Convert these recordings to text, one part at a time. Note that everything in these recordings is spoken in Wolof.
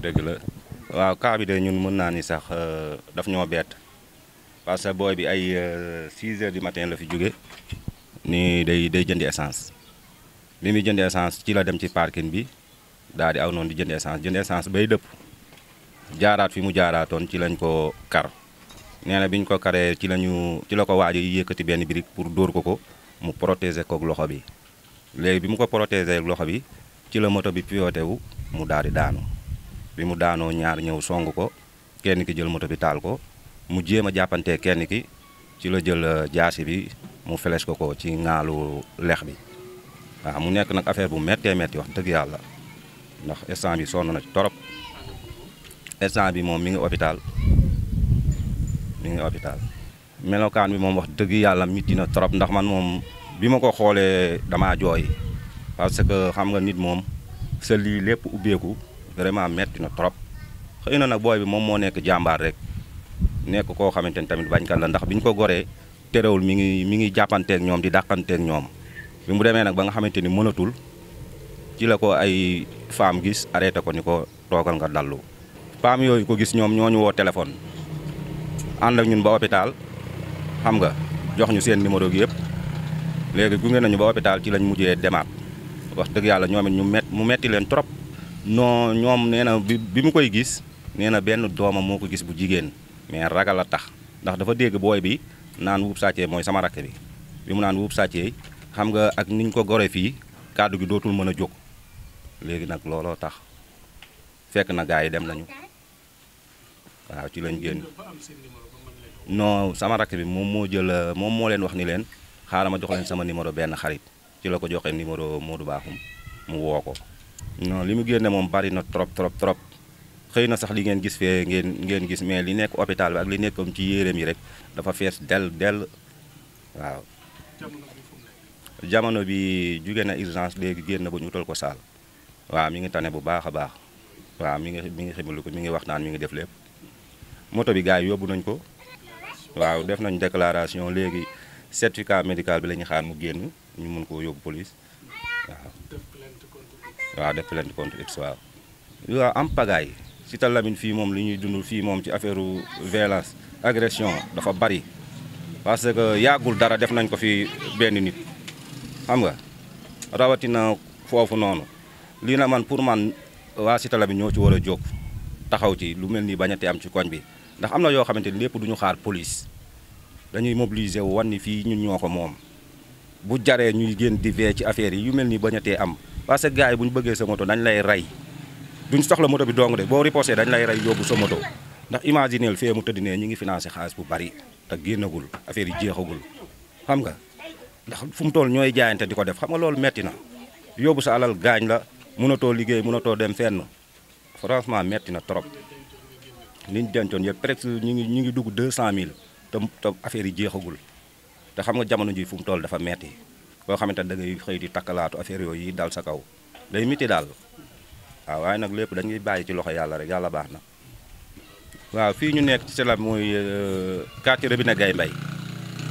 dëgg la waaw cas bi de ñun mën naa ni sax euh, daf ñoo bett parce que booy bi ay 6 euh, heures du matin la fi jóge ni day day jëndi essence bi muy jënd essence ci la dem ci parking bi daal di aw noonu di jënd essence jënd essence bay dëpp jaaraat fi mu jaaraatoon ci lañ ko kar nee na bi ñu ko karee ci lañu ci la ko waajo yi yëkkati benn brique pour dóor ko ko mu protéger kook loxo bi léegi bi mu ko protéger loxo bi ci la moto bi pivoté wu mu daal di daanu bi mu daanoo ñaar ñëw song ko kenn ki jël moto bi taal ko mu jéem a jàppantee kenn ki ci la jël euh, jaasi bi mu feles ko ko ci ŋaalu lex bi waaw mu nekk nag affaire bu méttee metti wax dëgg yàlla ndax instant bi sonn na ci torop instant bi moom mi ngi hôpital mi ngi hôpital melokaan bi moom wax dëgg yàlla métti na trop ndax man moom bi ma ko xoolee damaa jooy parce que xam nga nit moom sa lii lépp ubbeeku vraiment metti na trop xëy na nag booy bi moom moo nekk jàmbaar rek nekk koo xamante ni tamit bañkat la ndax bi ñu ko goree terewul mi ngi mi ngi jàppanteeg ñoom di dàqanteeg ñoom bi mu demee nag ba nga xamante ni mënatul ci la ko ay femme gis arrêté ko ni ko toogal nga dallu femme yooyu ko gis ñoom ñoo ñu woo téléphone ànd ak ñun ba hôpital xam nga jox ñu seen numéro gi yëpp léegi gunge nañu ba hôpital ci lañ mujjee demaat wax dëgg yàlla ñoom it ñu mu metti leen trop non ñoom nee na bi bi mu koy gis nee na benn doomam moo ko gis bu jigéen mais ragal a tax ndax dafa dégg booy bi naan Woup Sa mooy sama rakk bi bi mu naan Woup Sa xam nga ak niñ ko gore fii kàddu gi dootul mën a jóg léegi nag looloo tax fekk na gars yi dem nañu waaw ci lañ génn non sama rakk bi moom moo jël moom moo leen wax ni leen xaaral ma jox leen sama numéro benn xarit ci la ko joxee numéro Modou Bakhoum mu woo ko non li mu génne moom bari na trop trop trop xëy na sax li ngeen gis fee ngeen ngeen gis mais li nekk hôpital bi ak li nekk ci yéeréem yi rek dafa fees dell dell waaw. jamono bi jóge na urgence léegi génn ba ñu utal ko saal waaw mi ngi tane bu baax a baax waaw mi ngi mi ngi ximbalu ko mi ngi wax naan mi ngi def lépp moto bi gars yi yóbbu nañ ko waaw def nañ déclaration léegi certificat médical bi lañu xaar mu génn ñu mun koo yóbbu police waaw. waaw def plainte contre X waaw. waaw am pagaille si ta fii moom li ñuy dund fii moom ci affaire violence agression dafa bari parce que yàggul dara def nañ ko fi benn nit xam nga rawatina foofu noonu lii na man pour man waa si tala ñoo ci war a jóg taxaw ci lu mel ni bañate am ci koñ bi ndax am na yoo xamante ni lépp duñu xaar police dañuy mobiliser wu wan fii ñun ñoo ko moom bu jaree ñu génn di vee ci affaire yi yu mel nii ni bañatee am parce que gars yi bu ñu bëggee sa moto dañ lay rey duñ soxla moto bi dong de boo riposé dañ lay rey yóbbu sa moto ndax imagineel fee mu tëdd ne ñi ngi financé xaalis bu bari te génnagul affaire yi jeexagul xam nga ndax fu mu toll ñooy jaayante di ko def xam nga loolu metti na yóbbu sa alal gaañ la mënatoo liggéey mënatoo dem fenn franchement metti na trop li ñu yëpp presque ñu ngi ñu ngi dugg 200000 te te affaire yi jeexagul te xam nga jamono ji fu mu toll dafa metti boo xamante ne da ngay xëy di takkalaatu affaire yooyu dal sa kaw day miti daal waaw waaye nag lépp dañuy bàyyi ci loxo yàlla rek yàlla baax na. waaw fii ñu nekk ci la mooy euh, quartier bi nag gay Mbaye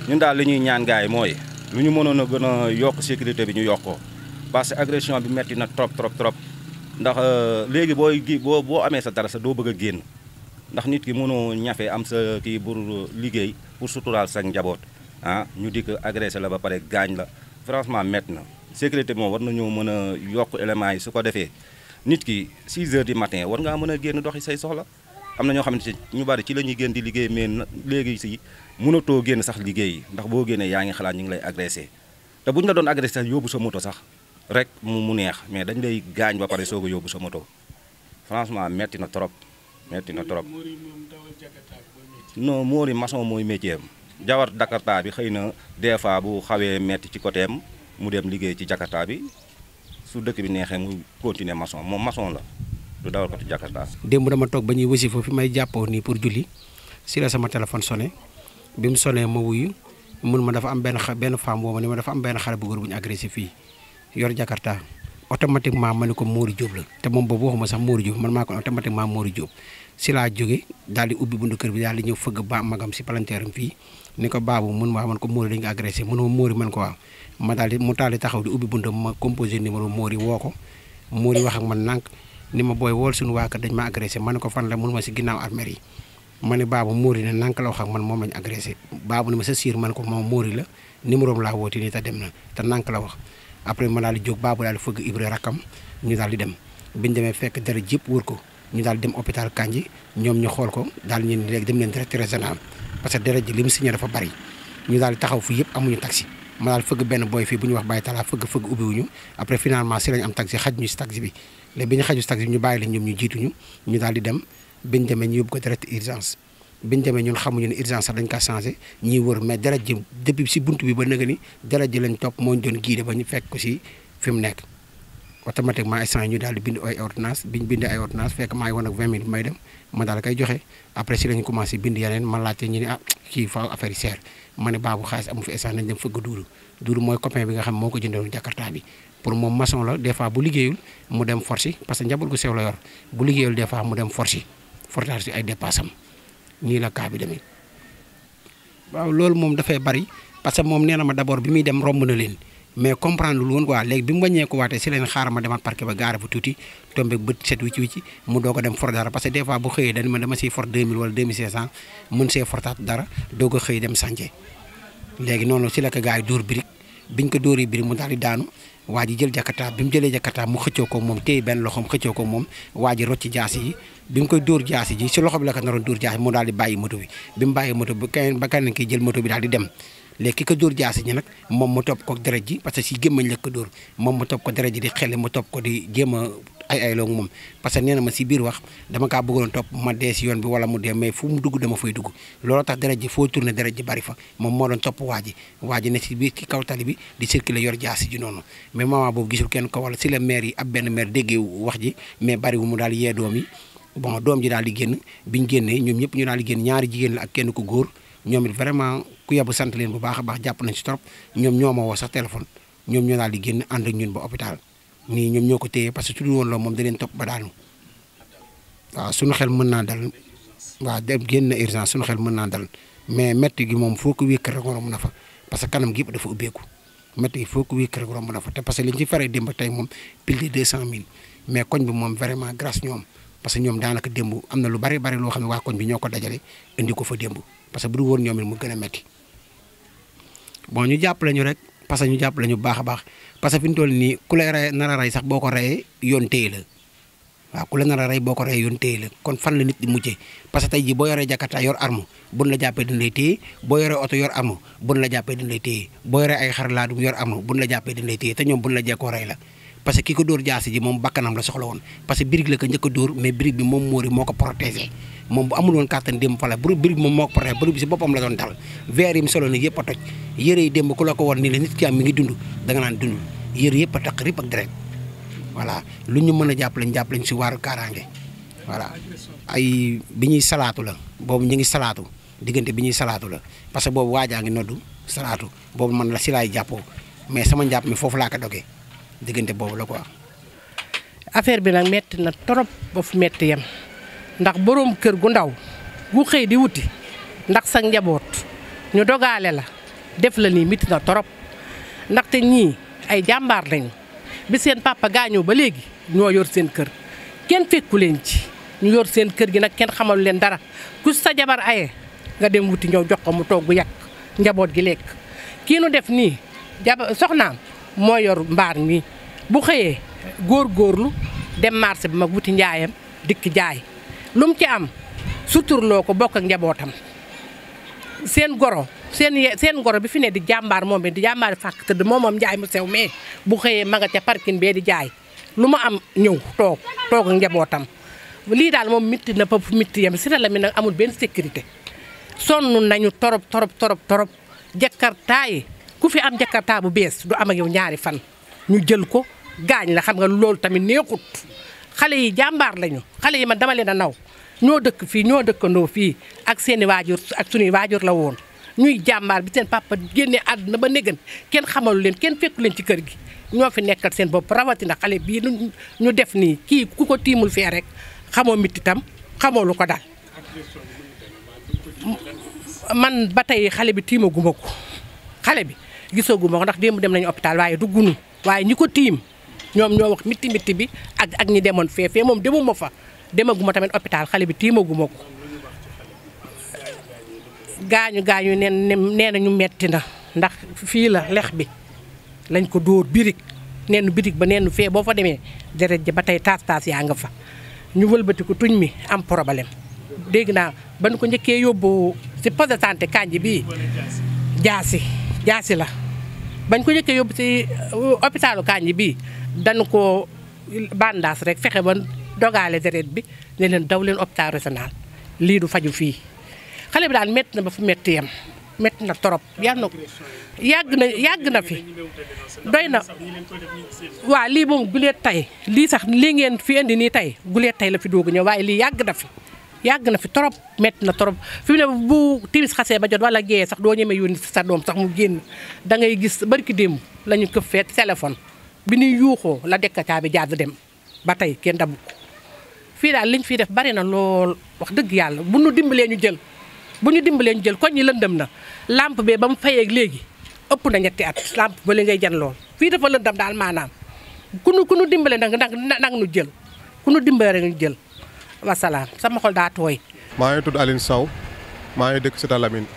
ñun daal li ñuy ñaan gaay mooy lu ñu mënoon a gën a yokk sécurité bi ñu yokkoo ko parce que agression bi metti na trop trop trop ndax euh, léegi booy gi boo boo amee sa dara sa doo bëgg a génn ndax nit ki mënoo ñafe am sa kii pour liggéey pour suturaal sa njaboot ah ñu dikk agressé la ba pare gaañ la franchement métti na sécurité bi moom war nañoo mën a yokk éléments yi su ko defee nit ki 6 heures du matin war ngaa mën a génn doxi say soxla am na ñoo xamante ñu bari ci la ñuy génn di liggéey mais léegi si mënatoo génn sax liggéey ndax boo génnee yaa ngi xalaat ñu ngi lay agressé te bu ñu la doon agressé yóbbu sa moto sax rek mu mu neex mais dañ lay gaañ ba pare soo a yóbbu sa moto franchement métti na trop metti na trop no moori maçon mooy métier jawar Jakarta bi xëy na des fois bu xawee metti ci côté am mu dem liggéey ci Jakarta bi su dëkk bi neexee mu continuer maçon moom maçon la du dawal ko ci Jakarta. démb dama toog ba ñuy wasi fi may jàppoo nii pour julli si la sama téléphone sonné bi mu sonné ma wuyu mun ma dafa am benn xa benn femme woo ma ni ma dafa am benn xare bu góor bu ñu agressé fii yor Jakarta. automatiquement ma ne ko Mori Diop la te moom boobu waxuma sax Mori Diop man maa ko automatiquement Mori Diop si laa jóge daal di ubbi buntu kër bi daal di ñëw fëgg ba magam si palanteeram fii ni ko baabu mun waa man ko Mori dañ ko agressé munuma Mori man ko waaw daal di mu taal di taxaw di ubbi buntu ma composé numéro Mori woo ko Mori wax ak man ni ma booy wool suñu waa dañ ma agressé ma ne ko fan la mun ma si ginnaaw armère yi ma ne baabu Mori ne la wax ak man moom lañ agressé baabu ne ma sa siir man ko moom Mori la numéro am laa woote nii te dem na te nànk la wax après ma daal di jóg baabu daal di fëgg Ibra rakkam ñu daal di dem biñ demee fekk dara jëpp wër ko ñu daal dem hôpital Kandji ñoom ñu xool ko daal ñeen léegi dem leen directeur régional parce que deret ji li mu signé dafa bari ñu daal taxaw fi yëpp benn booy fii bu ñuy wax bàyyi talaa fëgg fëgg ubbiwuñu après finalement si ñu si taxi ñu xaju si ñu ñu daal di dem biñ demee ñu yóbbu ko direct urgence biñ demee ñun xamuñu ne urgence sax dañ ko changé ñiy wër mais dara ji depuis si bunt bi ba nëga ni ji lañ topp moo ñu doon guidé ba ñu fekk ko si fi mu nekk automatiquement instant yi ñu daal di bind ay ordonnance biñ bind ay ordonnance fekk maa ngi woon ak 20 minutes may dem ma daal koy joxe après si lañ commencé bind yeneen ma laajte ne ah kii faaw affaire yi seer ma ne baabu bi nga xam moo ko jëndoon jakarta bi pour moom maçon la des fois bu liggéeyul mu dem forci parce que njaboot gu sew la yor bu liggéeyul des nii la kaa bi waaw loolu moom dafay bari parce que moom nee ma d'abord bi muy dem romb na leen mais comprendre lu woon léegi bi mu wàññee ko waatee si leen xaaral ma demaat parquet ba gaara fa tuuti tombé bët set wicci wicci mu doog a dem for dara parce que des fois bu xëyee dañ ma dama siy for 2000 wala 2500 mën see fortaat dara doog a xëy dem sànce léegi noonu si la ko gars yi dóor birig biñ ko dóoree birig mu daal di daanu waa ji jël jakarta bi mu jëlee jakarta mu xëccoo ko moom téye benn loxoom xëccoo ko moom waa ji rocc jaasi yi bi mu koy dóor jaasi ji si loxo bi la ko naroon dóor jaasi moo daal di bàyyi moto bi bi mu bàyyi moto bi keneen ba keneen ki jël moto bi daal di dem léegi ko dóor jaasi ji nag moom mu topp ko deret ji parce que si gémmañ la ko dóor moom mu topp ko deret ji di xel mu topp ko di jéem ay ay loog moom parce que nee na ma si biir wax dama kaa bëggoon topp ma dee si yoon bi wala mu dee mais fu mu dugg dama fay dugg looloo tax deret ji foo tourné deret ji bari fa moom moo doon topp waa ji waa ji ne si biir ci kaw tali bi di circuler yor jaasi ji noonu mais moment boobu gisul kenn ko wala si la maire yi ab benn maire déggee wax ji mais bari wu mu daal yee doom yi bon doom ji daal di génn bi ñu génnee ñoom ñëpp ñu daal di génn ñaari jigéen la ak kenn ku góor ñoom it ku yebu sant leen bu baax a baax jàpp nañ si trop ñoom ñoo ma woo sax téléphone ñoom ñoo daal di génn ànd ak ñun ba hôpital nii ni ñoom ñoo ko téye parce que su dul woon loolu moom da leen topp daanu waaw suñu xel mën naa dal waaw de génn na urgence suñu xel mën naa dal mais métti gi moom foo ko wékk rek romb na fa parce que kanam gi yëpp dafa ubbeeku métti gi foo ko wékk rek romb na fa te parce que li ñu ci faree démb tey moom pile de deux cent mille mais koñ bi moom vraiment grâce ñoom parce que ñoom daanaka démb am na lu bari bari loo xam ne waa koñ bi ñoo ko dajale indi ko fa démb parce que bu du woon ñoom it mu gën a métti bon ñu jàppale ñu rek parce que ñu jàppale ñu baax a baax parce que fi ñu toll nii ku la rey nar a rey sax boo ko reyee yoon téye la waaw ku la nar a rey boo ko reyee yoon téye la kon fan la nit di mujjee parce que tey jii boo yoree jakarta yor arme buñ la jàppee dañ lay téye boo yoree oto yor arme buñ la jàppee dañ lay téye boo yoree ay xar laadum yor arme buñ la jàppee dañ lay téye te ñoom buñ la jekkoo rey la parce que ki ko dóor jaasi ji moom bakkanam la soxla woon parce que birig la ko njëkk a dóor mais birig bi moom Mori moo ko protégé moom bu amul woon kàttan démb fa la bu birig moom moo ko protégé birig bi si boppam la doon dal verre yi mu solo ni yëpp a toj yére yi démb ku la ko war nii la nit ki am mi ngi dund da nga naan dund yére yëpp a taq rip ak deret voilà lu ñu mën a jàpp lañ jàpp lañ si waaru kaaraange voilà ay bi ñuy salaatu la boobu ñu ngi salaatu diggante bi ñuy salaatu la parce que boobu waajaa ngi noddu salaatu boobu man la si laay jàppoo mais sama njàpp mi foofu laa ko dogee diggante boobu la quoi. affaire bi nag metti na trop ba fu metti yem ndax boroom kër gu ndaw gu xëy di wuti ndax sa njaboot ñu dogaale la def la nii metti na trop ndaxte ñii ay jàmbaar lañu bi seen papa gaañoo ba léegi ñoo yor seen kër kenn fekku leen ci ñu yor seen kër gi nag kenn xamalu leen dara ku sa jabar aye nga dem wuti ñëw jox ko mu togg yàq njaboot gi lekk kii nu def nii jaba soxnaam moo yor mbaar mi bu xëyee góor-góorlu dem marché bi mag wuti njaayam dikk jaay lu ci am suturloo ko bokk ak njabootam seen goro seen seen goro bi fi ne di jàmbaar moom bi di jàmbaar fàkk tëdd moomoom njaay mu sew mais bu xëyee ma nga ca parking bee di jaay lu mu am ñëw toog toog ak njabootam lii daal moom mitti na pop mitti yam si la mi nag amul benn sécurité sonn nañu torop torop torop torop jakartaa yi ku fi am jakarta bu bees du am ak yow ñaari fan ñu jël ko gaañ la xam nga loolu tamit neexut xale yi jàmbaar lañu xale yi man dama leen a naw ñoo dëkk fii ñoo dëkkandoo fii ak seeni waajur ak sunuy waajur la woon ñuy jàmbaar bi seen papa génnee àdduna ba négan kenn xamalu leen kenn fekku leen ci kër gi ñoo fi nekkal seen bopp rawatina xale bii ñu def nii kii ku ko tiimul fee rek xamoo mititam xamoo lu ko daal man ba tey xale bi tiimaguma ko xale gisaguma ko ndax démb dem nañu hôpital waaye duggunu waaye ñi ko tiim ñoom ñoo wax mitti mitti bi ak ak ñi demoon fee fee moom ma fa demaguma tamit hôpital xale bi tiimaguma ko gaañu gaañu neen nee na metti na ndax fii la lex bi lañ ko dóor birig neen birig ba neen fee boo fa demee deret ja ba tey taas taas yaa nga fa ñu ku tuñ mi am problème dégg naa ba ñu ko njëkkee yóbbu si poste de santé kanji jaasi jaasi la bañ ko njëkkee yóbbu ci uh, hôpitalu Kandji bii dañu ko bandaas rek fexe ba dogale deret bi ne leen daw leen hôpital régional lii du faju fii xale bi daal metti na ba fu metti yam metti na trop yàgg na yàgg na yàgg na fi doy na waa lii moom guleet tey lii sax lii ngeen fi indi nii tey guleet tey la fi doogu waaye lii yàgg na fi yàgg na fi trop métti na trop fi mu ne bu timis xasee ba jot wala géeyee sax doo ñemee yónni sa doom sax mu génn da ngay gis barki démb la ñu ko feet téléphone bi ñuy yuuxoo la dekkataa bi jaadu dem ba tey kenn dabu fii daal liñ fii def bari na lool wax dëgg yàlla bu ñu dimbalee ñu jël bu ñu dimbalee jël koñ ñi lëndëm na làmp bee ba mu fayeeg léegi ëpp na ñetti at lampe ba li ngay jan lool fii dafa lëndëm daal maanaam ku nu ku nu dimbale nag nag nag nu jël ku nu dimbale rek ñu jël wasalaam sama xol daa tooy. maa ngi tudd Aline saw maa ngi dëkk Cité Lamine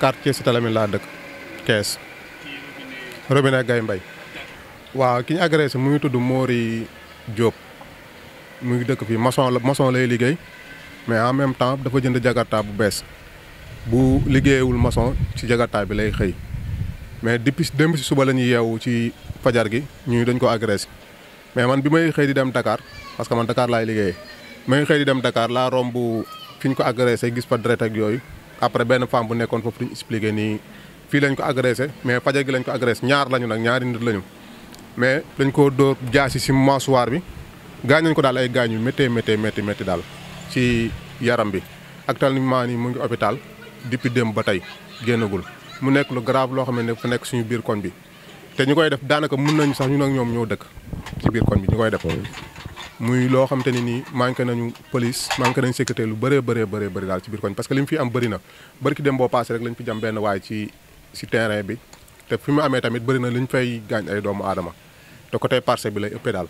quartier Cité laa dëkk Kees robinet gay Mbaye waaw ki ñu agressé mu ngi tudd moori Diop mu ngi dëkk fii mason la maçon lay liggéey mais en même temps dafa jënd jakarta bu bees bu liggéeyewul mason ci jakarta bi lay xëy mais depuis démb si suba la ñuy yeewu ci fajar gi ñu dañ ko agressé mais man bi may xëy di dem Dakar parce que man Dakar laay liggéeyee. ma xëy di dem Dakar laa romb fi ko ko agressé gis fa deret ak yooyu après benn femme bu nekkoon foofu duñu expliqué nii fii lañ ko agressé mais fajar gi lañ ko agressé ñaar lañu nag ñaari nit lañu mais dañ ko dóor jaasi si mâchoire bi gaañ nañ ko daal ay gaañ yu méttee méttee métti métti daal ci yaram bi actuellement nii mu ngi hôpital depuis démb ba tey génnagul mu nekk lu grave loo xam ne fu nekk suñu biir koñ bi te ñu koy def daanaka mën nañu sax ñu nag ñoom ñoo dëkk ci biir bi ñu koy def muy loo xam ne nii manqué nañu police manqué nañu sécurité lu bëree bëree bëree bëri daal ci biir koñ parce que li mu fi am bëri na bëri ki dem boo paase rek lañ fi jam benn waay ci ci terrain bi te fi mu amee tamit bari na li ñu fay gaañ ay doomu aadama te côté parcelle bi lay ëppee daal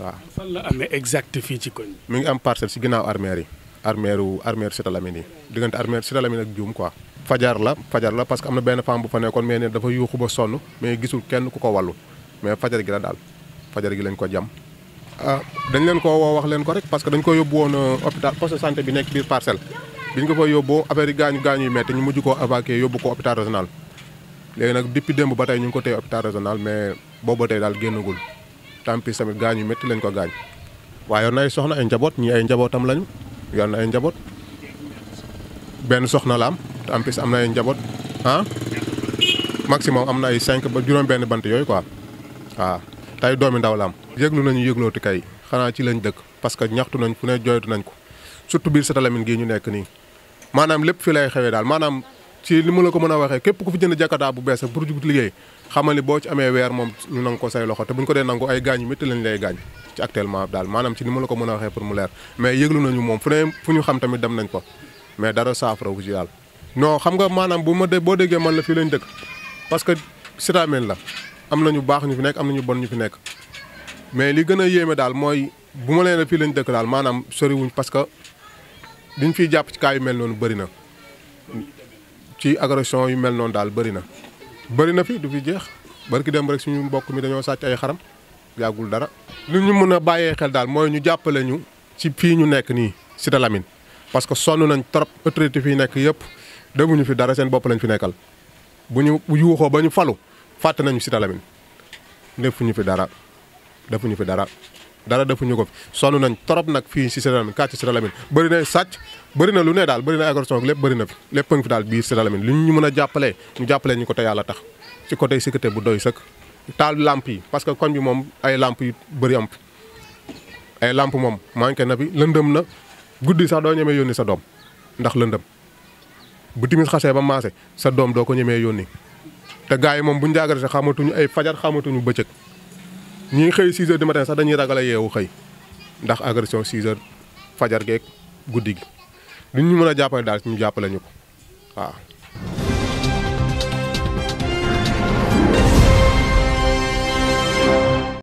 waaw. fan la amee exact fii ci koñ mi ngi am parcelle si ginnaaw armeer yi armeer wu armeer Cité Lamy yi diggante armeer Cité Lamy ak Dioum quoi. fajar la fajar la parce que am na benn femme bu fa nekkoon mee ne dafa yuuxu ba sonn mais gisul kenn ku ko wallu mais fajar gi la daal fajar gi lañ ko jam Euh, dañu leen ko woo wax leen ko rek parce que dañ ko yóbbu woon euh, hôpital poste de santé bi nekk biir parcelle biñ ko fa yóbboo affaire yi gaañu gaañu yu metti ñu mujj koo évacuer yóbbu ko hôpital régional léegi nag depuis démb ba tay ñu ko téye hôpital régional mais boobu ba daal génnagul tant pis tamit gaañu metti lañ ko gaañ waaye yor na ay soxna ay njaboot ñii ay njabootam lañu yor na ay njaboot benn soxna laam am am na ay njaboot ah maximum am na ay cinq ba juróom benn bant yooyu quoi waaw ah, tey doomi ndaw la yëglu nañu yëglootu kay xanaa ci lañ dëkk parce que ñaxtu nañ fu ne jooytu nañ ko surtout biir Cité Lamy gii ñu nekk nii maanaam lépp fi lay xewee daal maanaam ci li ma la ko mën a waxee képp ku fi jënd jakarta bu bees ak pour jugut liggéey xamal ni boo ci amee weer moom ñu nangu ko say loxo te buñ ko dee nangu ay gaañ yu métti lañ lay gaañ ci actuellement daal maanaam ci ni ma la ko mën a waxee pour mu leer mais yëglu nañu moom fu ne fu ñu xam tamit dem nañ ko mais dara saafara wu ci daal xam nga maanaam bu ma de boo déggee man la fii lañ dëkk parce que Cité Lamy la am nañu baax ñu fi nekk am nañu bon ñu fi nekk mais li gën a yéeme daal mooy bu ma leen a fii lañ dëkk daal maanaam soriwuñ parce que liñ fiy jàpp ci cas yu mel noonu bëri na ci agression yu mel noonu daal bëri na. bëri na fi du fi jeex barki dem rek suñu mbokk mi dañoo sàcc ay xaram yàggul dara. li ñu mën a bàyyee xel daal mooy ñu jàppale ñu ci fii ñu nekk nii Cité Lamine parce que sonn nañ trop autorité fii nekk yëpp demuñu fi dara seen bopp lañ fi nekkal bu ñu yuuxoo ba ñu falu fàtte nañu Cité Lamine defuñu fi dara. defuñu fi dara dara defuñu ko fi sonn nañ trop nag fii si Cité Lamy kàcc Cité Lamy bëri na sàcc bëri na lu ne daal bëri na agression lépp bëri fi lépp ngi fi daal biir Cité Lamy lu ñu mën a jàppalee ñu jàppalee ñu ko te yàlla tax ci côté sécurité bu doy sëkk taal lamp yi parce que koñ bi moom ay lamp yu bëri am ay làmp moom manqué na fi lëndëm na guddi sax doo ñemee yónni sa doom ndax lëndëm bu timis xasee ba maase sa doom doo ko ñemee yónni te gars yi moom bu ñu jaagaree xamatuñu ay fajar xamatuñu bëccëg ñuy xëy 6 di du matin sax dañuy ragal yeewu xëy ndax agression 6 heures fajar geeg guddi gi lu ñu mën a jàppale daal ñu jàppale ñu ko waaw.